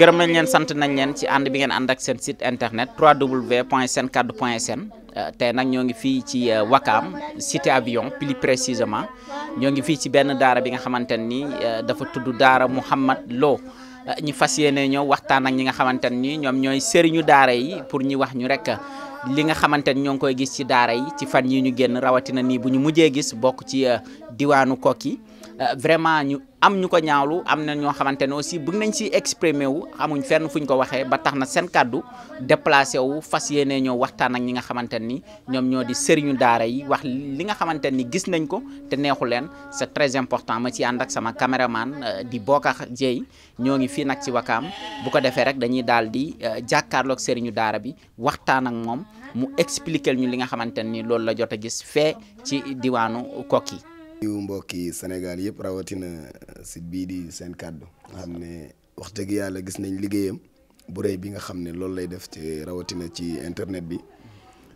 gërëm nañ leen sant nañ leen ci ànd bi ngeen ànd ak seen site internet www.senkaddu.sn euh, tey nag ñoo ngi fii ci euh, Wakaam cité avion plus précisément ñoo ngi fii ci benn daara bi nga xamante ni euh, dafa tudd daara Mouhamad Lo ñu fas yéene ñëw waxtaan ak ñi nga xamante ni ñoom ñooy sëriñu daara yi pour ñu wax ñu rek li nga xamante ni ñoo ngi koy gis ci daara yi ci fan yi ñu génn rawatina nii bu ñu mujjee gis bokk ci diwaanu Koki Euh, vraiment ñu am ñu ko ñaawlu am na ñoo xamante ne aussi bëgg nañ nous exprimer wu amuñ fenn fuñ ko waxee ba tax na seen kàddu déplacé wu fas ñoo waxtaan ak ñi nga ñoo di sëriñu daara yi wax li gis nañ ko te c'est très important ma ci ànd sama caméraman euh, di Bokar Dieye ñoo ngi fii nag ci Wakaam bu ko defee rek dañuy daal di euh, sëriñu daara mu expliquer ñu li nga xamante loolu la jot gis ci Koki yu mbokki Sénégal yëpp rawatina euh, site bii di seen kàddu wax dëgg yàlla gis nañ liggéeyam bu rëy bi nga xam ne loolu lay def ci rawatina ci internet bi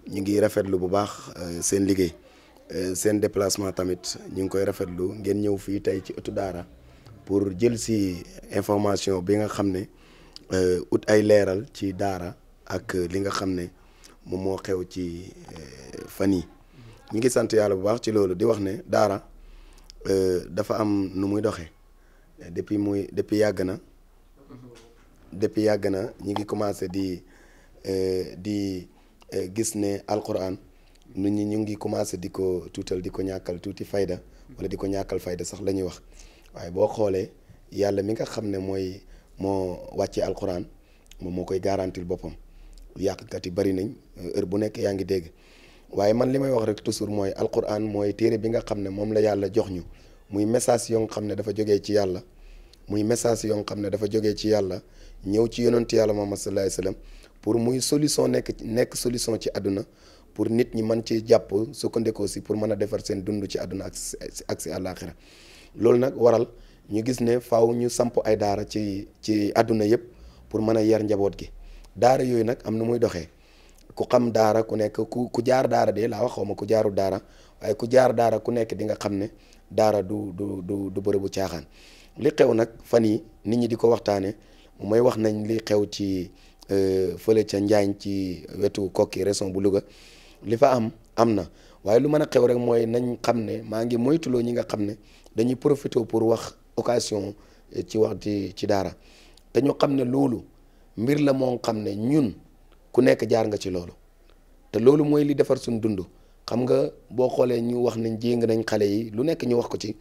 ñu ngi rafetlu bu baax euh, seen liggéey euh, seen déplacement tamit ñu ngi koy rafetlu ngeen ñëw fii tey ci ëttu daara pour jël si information bi nga xam ne ut ay leeral ci daara ak li nga xam ne moom moo xew ci fan yi ñu ngi sant yàlla bu baax ci loolu di wax ne daara Euh, dafa am nu muy doxee depuis muy depuis yàgg na depuis yàgg na ñi ngi commencé di euh, di euh, gis ne alquran nit ñi ñu ngi commencé di ko tuutal di ko ñàkkal tuuti fayda wala di ko ñàkkal fayda sax lañuy wax waaye boo xoolee yàlla mi nga xam ne mooy moo wàccee alquran moom moo koy garantil boppam yàqkat yi bari nañ heure bu nekk yaa ngi dégg waaye man li may wax rek toujours mooy alquran mooy téere bi nga xam ne moom la yàlla jox ñu muy message yoo xam ne dafa jóge ci yàlla muy message yoo xam ne dafa jógee ci yàlla ñëw ci yonentu yàlla Muhammad sallallahu alayhi wasallam pour muy solution nekk nekk solution ci àdduna pour nit ñi mën ci jàpp sukkandikoo si pour mën a defar seen dund ci àdduna ak si ak si loolu nag waral ñu gis ne faw ñu samp ay daara ci ci àdduna yëpp pour mën a yar njaboot gi daara yooyu nag am na muy doxee ku xam daara ku nekk ku ku jaar daara de laa wax xaw ma ku jaaru daara waaye ku jaar daara ku nekk di nga xam ne daara du du du du bërëbu caaxaan li xew nag fan yi nit ñi di ko waxtaane mooy wax nañ li xew ci euh, fële ca Njaañ ci wetu kokki région bu Louga li fa am am na waaye lu mën a xew rek mooy nañ xam ne maa ngi moytuloo ñi nga xam ne dañuy profité pour wax occasion ci wax ci ci daara te ñu xam ne loolu mbir la moo xam ne ñun ku nekk jaar nga ci loolu te loolu mooy li defar suñ dund xam nga boo xoolee ñu wax nañ jéng nañ xale yi lu nekk ñu wax ko ci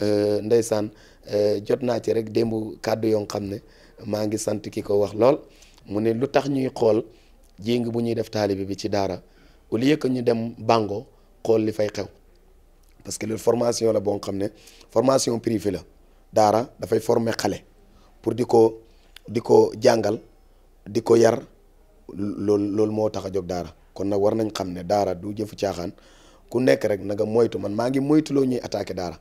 euh, ndeysaan euh, jot naa ci rek démb kàddu yoo xam ne maa ngi sant ki ko wax lool mu ne lu tax ñuy xool jéng bu ñuy def taalibe bi ci daara au lieu que ñu dem bango xool li fay xew parce que loolu formation la boo xam ne formation privée la daara dafay former xale pour di ko di ko jàngal di ko yar loolu loolu moo tax a jóg daara kon nag war nañ xam ne daara du jëfu caaxaan ku nekk rek na moytu man maa ngi moytuloo ñuy attaqué daara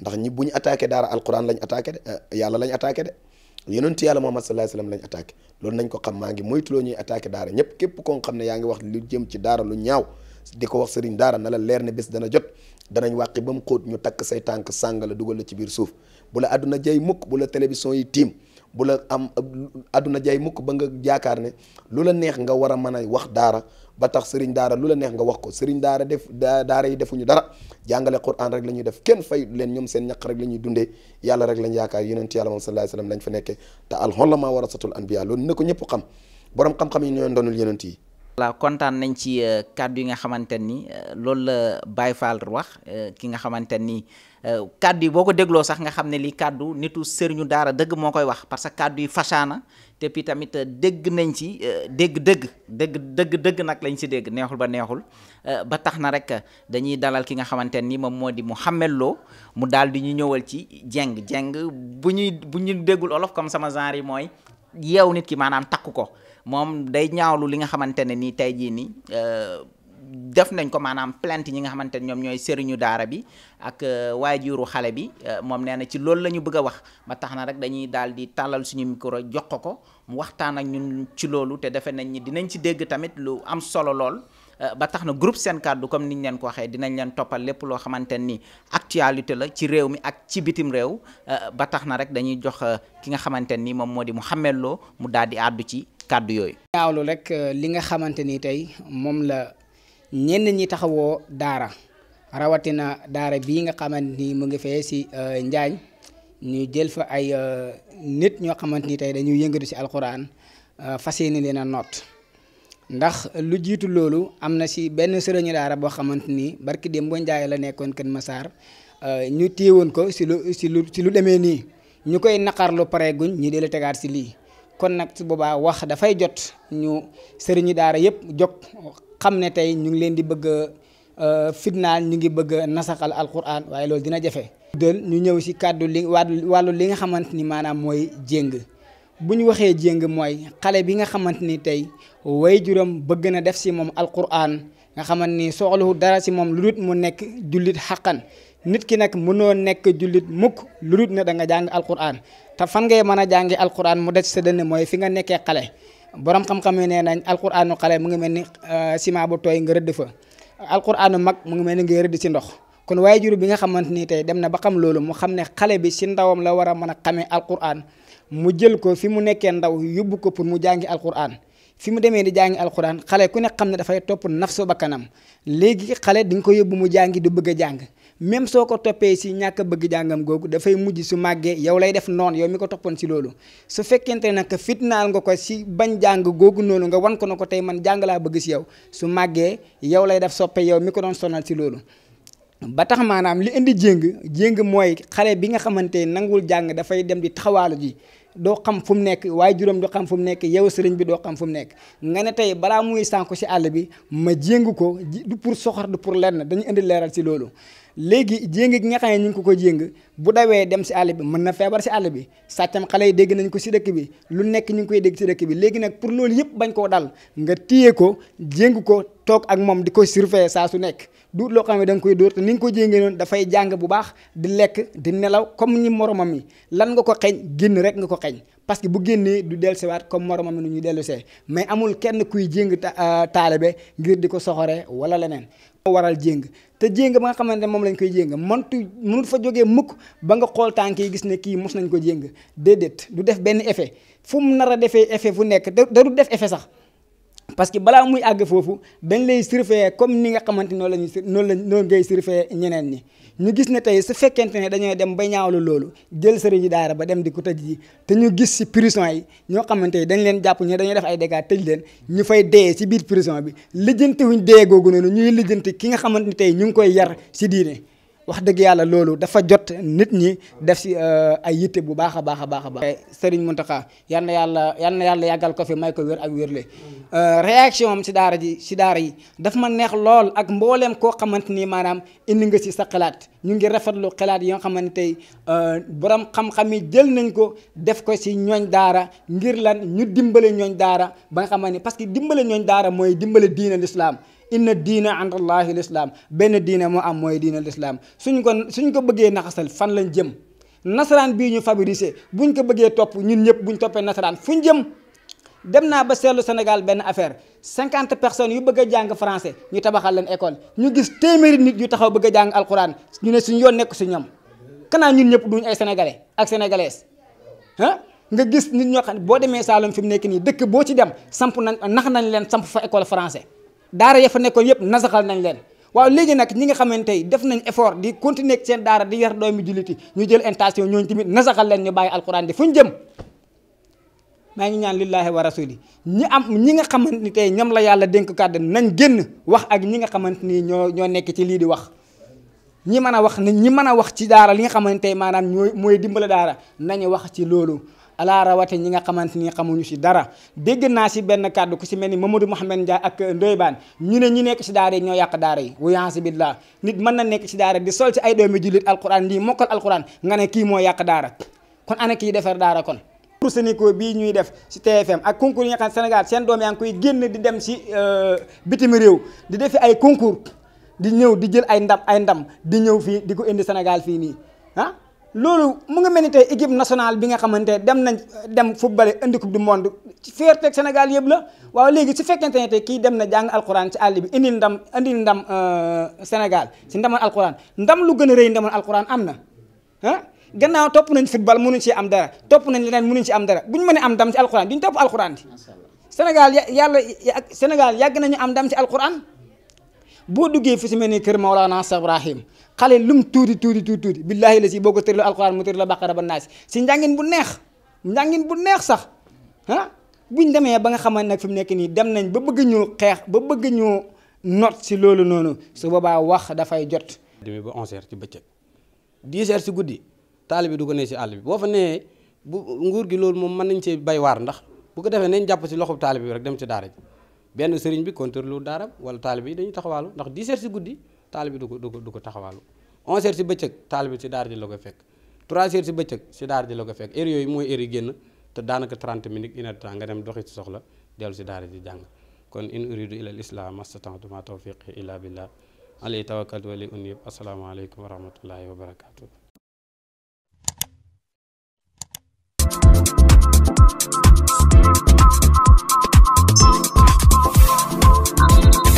ndax ñi bu ñu attaqué daara alquran lañ attaqué de eh, lañ attaqué de yonent yàlla Muhammad sallallahu alayhi wasallam lañ attaqué loolu nañ ko xam maa ngi moytuloo ñuy attaqué daara ñëpp képp koo xam ne yaa ngi wax lu jëm ci daara lu ñaaw di ko wax sëriñ daara na la leer ne bés dana jot danañ wàqi ba mu xóot ñu takk say tànk sàng la dugal la ci biir suuf bu la àdduna jay mukk bu la télévision yi tiim bu la am adduna jaay mukk ba nga jaakaar ne lu la neex nga war a mën a wax daara ba tax sëriñ daara lu la neex nga wax ko sëriñ daara def daara yi defuñu dara jàngale quran rek la ñuy def kenn fay leen ñoom seen ñaq rek la ñuy dundee yàlla rek lañ yaakaar yonent yàlla moom sallallahu alayhi wasallam lañ fa nekkee te al a warasatul anbiya loolu na ko ñëpp xam borom xam-xam yi ñooy ndonul yonent yi voilà kontaan nañ ci euh, kàddu yi nga xamante ni euh, loolu la Baye Fall wax euh, ki nga xamante ni kàddu yi boo ko dégloo sax nga xam ne lii kàddu nitu sëriñu daara dëgg moo koy wax parce que kaddu yi fasaana te pii tamit dégg nañ ci dégg dëgg dëgg dëgg nag lañ ci dégg neexul ba neexul ba tax na rek dañuy dalal ki nga xamante ni moom moo di mu Lo mu daal di ñu ñëwal ci jeng jeng bu ñuy bu ñu déggul olof comme sama genre yi mooy yeew nit ki maanaam takku ko. moom day ñaawlu li nga xamante ne nii tey jii nii euh, def nañ ko maanaam plainte ñi nga xamante ne ñoom ñooy sëriñu daara bi ak euh, waajuru xale bi euh, moom nee na ci loolu la ñu bëgg a wax ba tax na rek dañuy daal di tàllal suñu micro jox ko ko mu waxtaan ak ñun ci loolu te defe nañ ni dinañ ci dégg tamit lu am solo lool. ba tax na groupe seen kàddu comme niñ leen ko waxee dinañ leen toppal lépp loo xamante ni actualité la ci réew mi ak ci bitim réew ba tax na rek dañuy jox ki nga xamante ni moom moo di Mouhamed Lo mu daal di àddu ci kàddu yooyu. ñaawlu rek euh, li nga xamante ni tey moom la ñenn ñi taxawoo daara rawatina daara bii nga xamante ni mu ngi fee si euh, Njaañ ñu jël fa ay euh, nit ñoo xamante ni tey dañuy yëngatu si alxuraan fas leen a noot. ndax lu jiitu loolu am na si benn sëriñu daara boo xamante ni barki démb Njaay la nekkoon Kër Masaar ñu téewoon ko si lu si lu si lu demee nii ñu koy naqarlu pare guñ ñu di la tegaat si lii. kon nag su boobaa wax dafay jot ñu sëriñu daara yëpp jog xam ne tey ñu ngi leen di bëgg a euh, fitnaal ñu ngi bëgg a nasaxal alquran waaye loolu dina jafe. dël ñu ñëw si kàddu li wàllu li nga xamante ni maanaam mooy jéng bu ñu waxee jéng mooy xale bi nga xamante ni tey waajuram bëgg na def si moom alquran nga xamant ni soxluhu dara si moom lu dul mu nekk jullit xàqan nit ki nag mënoo nekk jullit mukk lu dul ne da nga jàng alquran te fan ngay mën a jàngi alquran mu des sa dënn mooy fi nga nekkee xale borom xam-xam yi nee nañ alquranu xale mu ngi mel ni euh, ciment bu tooy nga rëdd fa alquranu mag mu ngi mel ni ngay rëdd ci ndox kon waajur bi nga xamante ni tey dem na ba xam loolu mu xam ne xale bi si ndawam la war a mën a xamee alquran mu jël ko fi mu nekkee ndaw yóbbu ko pour mu jàngi alquran fi mu demee di jàngi alquran xale ku ne xam ne dafay topp ba bakkanam léegi xale di nga ko yóbbu mu jàngi du bëgg a jàng même soo ko toppee si ñàkk a bëgg jàngam googu dafay mujj su màggee yow lay def noonu yow mi ko toppoon si loolu su fekkente nag fitnaal nga ko si bañ jàng googu noonu nga wan ko na ko tey man jàng bëgg si yow su màggee yow lay def soppe yow mi ko doon si loolu ba tax maanaam li indi jéng jéng mooy xale bi nga xamante nanguwul jàng dafay dem di taxawaalu ji doo xam fu mu nekk waaye juróom doo xam fu mu nekk yow sëriñ bi doo xam fu mu nekk nga ne tey balaa muy sànku si àll bi ma jëng ko du pour soxor du pour lenn dañu indi leeral si loolu léegi jéng gi nga xam ne ñu ngi ko ko jéng bu dawee dem si àll bi mën na feebar si àll bi sàccam xale yi dégg nañ ko si dëkk bi lu nekk ñu ngi koy dégg ci dëkk bi léegi nag pour loolu yëpp bañ koo dal nga téye ko jéng ko toog ak moom di ko surveiller saa su nekk du loo xam ne da nga koy dóor te ni nga ko jéngee noonu dafay jàng bu baax di lekk di nelaw comme ñi moromam yi lan nga ko xeeñ génn rek nga ko xeeñ parce que bu génnee du dellusiwaat comme moromam nu ñu dellusee mais amul kenn kuy jéng euh, taalibe ngir di ko soxore wala leneen. moo waral jéng te jéng ba xamante ne moom lañ koy jéng mëntu mënut fa jógee mukk ba nga xool tànk yi gis ne kii mos nañ ko jéng déedéet du def benn effet fu mu nar a defee effet fu nekk da du def effet sax. parce que balaa muy àgg foofu dañ lay surveiller comme ni nga xamante noonu la ñuy noonu la noonu ngay surveiller ñeneen ñi ñu gis ne tey su fekkente ne dañoo dem ba ñaawlu loolu jël sëriñu daara ba dem di ko tëj ji te ñu gis si prison yi ñoo xamante ni dañ leen jàpp ñu dañoo def ay dégâts tëj leen ñu fay dee si biir prison bi lijjanti wuñ dee googu noonu ñuy lijjanti ki nga xamante ni tey ñu ngi koy yar si diine wax dëgg yàlla loolu dafa jot nit ñi def si ay yitte bu baax a baax a baax a baax. Serigne Mountakha yal na yàlla yal na yàlla yàggal ko fi may ko wér ak wérle réaction am si daara ji si daara yi daf ma neex lool ak mbooleem koo xamante ni maanaam indi nga si sa xalaat ñu ngi rafetlu xalaat yi nga xamante tey borom xam-xam yi jël nañ ko def ko si ñooñ daara ngir lan ñu dimbale ñooñ daara ba nga xam ne parce que dimbale ñooñ daara mooy dimbale diine l'islam inna diina ànd allahi lislaam benn diine moo am mooy diine lislaam suñ ko suñ ko bëggee naxasal fan lañ jëm nasaraan bii ñu fabriqué buñ ko bëggee topp ñun ñëpp buñ toppee nasaraan fuñ jëm dem naa ba seetlu Sénégal benn affaire cinquante personnes yu bëgg a jàng français ñu tabaxal leen école ñu gis téeméeri nit yu taxaw bëgg jang alquran alxuraan ñu ne suñ yoon nekk si ñoom kanaa ñun ñëpp duñ ay sénégalais ak sénégalaises ah nga gis nit ñoo xam ne boo demee Saalum fi ni nekk nii dëkk boo ci dem samp nañ nax nañ leen samp fa école français daara ya fa nekkoon yep nasaxal nañ leen waaw léegi nag ñi nga xamante ni def nañ effort di continuer ak seen daara di yar doomi julliti ñu jël intention ñooñu tamit nasaxal leen ñu bàyyi alxuraan di fu ñu jëm maa ngi ñaan lillahi wa rasuli ñi am ñi nga xamante ni tey ñoom la yàlla dénk kàddu nañ génn wax ak ñi nga xamante ni ñoo ñoo nekk ci lii di wax ñi mën a wax ñi mën a wax ci daara li nga xamante maanaam ñooy mooy daara nañu wax ci loolu ala rawate ñi nga xamante nii xamuñu si dara dégg naa si benn kàddu ku si mel ni Mamadou Mouhamed Ndiaye ak Ndoye Bane ñu ne ñi nekk si daara yi ñoo yàq daara yi wayansi billah nit mën na nekk si daara di sol si ay doomi jullit alquran di mokkal alquran nga ne kii moo yàq daara kon ana kii defar daara kon pour Sénégal bii ñuy def si TFM ak concours yi senegal seen doom yaa ngi koy génn di dem si euh, bitim réew di defi ay concours di ñëw di jël ay ndam ay ndam di ñëw fii di ko indi Sénégal fii nii ah? loolu mu ngi mel ni tey équipe nationale bi nga xamante dem nañ dem footballé indi coupe du monde ci fierté Sénégal yëpp la waaw léegi su fekkente ne tey kii dem na jàng alxuraan ci àll bi indi ndam indi ndam euh, Sénégal si ndamoon alxuraan ndam lu gën a rëy ndamoon alxuraan am na ah gannaaw topp nañ football mënuñ ci am dara topp nañ leneen mënuñ ci am dara bu ñu ne am ndam ci alxuraan duñ topp alxuraan di Sénégal yàlla Sénégal yàgg nañu am ndam ci alxuraan boo duggee fi si mel ni kër naa Cheikh Ibrahim xale lum tuuti tuuti tuuti tuuti billaahi la si boo ko tërlu alquran mu tër la baqara ba naas si njàngin bu neex njàngin bu neex sax ah buñ demee ba nga xamante nag fi mu nekk nii dem nañ ba bëgg ñu xeex ba bëgg ñu not si loolu noonu su boobaa wax dafay jot. demee ba 11 ci bëccëg 10h si guddi taalibe du ko nee si àll bi boo fa nee bu nguur gi loolu moom mën nañ see bay waar ndax bu ko defee nañ jàpp si loxo taalibe bi rek dem ci daara ji benn sëriñ bi contrôle lu daaram wala taalibe yi dañuy taxawaalu ndax 10 heures si guddi taalibe du ko du ko du ko taxawaalu 11 heures si bëccëg taalibe si daara ji la ko fekk 3 heures si bëccëg si daara ji la ko fekk heure yooyu mooy heure yi génn te daanaka 30 minutes une heure temps nga dem doxi si soxla dellu si daara ji jàng kon in uridu ila l islam mastata'tu ma tawfiqi illa billah alayhi tawakkaltu wa ilayhi unib asalaamaaleykum wa rahmatullahi wa barakatuh Thank Thank you.